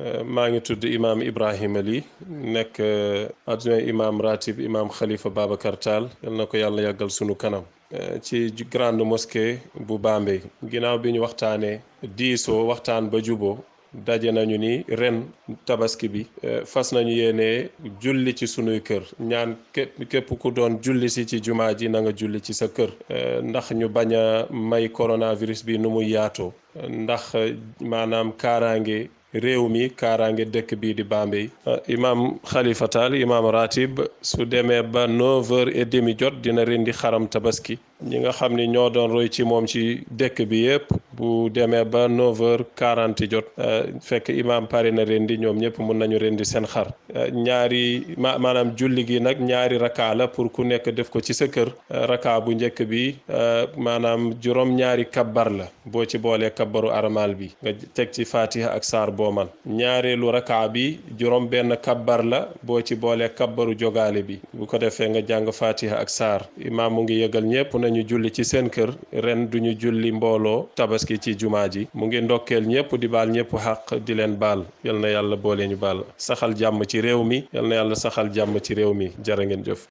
Euh, maa ngi tudd imaam Ibrahima Ly nekk euh, adjoint imaam ratib imaam Khalifa Babacar Tall yal na ko yàlla yàggal sunu kanam. Euh, ci grande mosquée bu Bambey ginnaaw bi ñu waxtaanee diisoo waxtaan ba juboo daje nañu ni ren tabaski bi fas nañu yéene julli ci sunuy kër ñaan képp képp ku doon julli si ci jumaa ji na nga julli ci sa kër ndax ñu bañ a may coronavirus bi nu muy yaatoo ndax maanaam kaaraange. réew mi kaaraange dëkk bii di Bambey uh, imam Khalifa Tall imam su demee ba noveur et demi jot dina rendi xaram tabaski ñi nga xam ni ñoo doon roy ci moom ci dëkk bi yépp bu demee ba 9h40 jot euh, fekk imaam pare na rendi ñoom ñëpp mun nañu rendi seen xar euh, ñaari ma maanaam julli gi nag ñaari raka la pour ku nekk def ko ci sa kër euh, raka bu njëkk bi maanaam juróom ñaari kabbar la boo ci boolee kabbaru armal bi nga teg ci fatiha ak saar man ñaareelu raka bi juróom benn la boo ci boolee kabbaru jogaale bi bu ko defee nga jàng fatiha ak saar imaam mu ngi yëgal ñëpp nañu julli ci seen kër ren duñu julli mbooloo tabaski gi ci jumaa ji mu ngi ndokkeel ñëpp di baal ñëpp xaq di leen baal yal na yàlla boole ñu baal saxal jàmm ci réew mi yal na yàlla saxal jàmm ci réew mi jërë ngeen jëf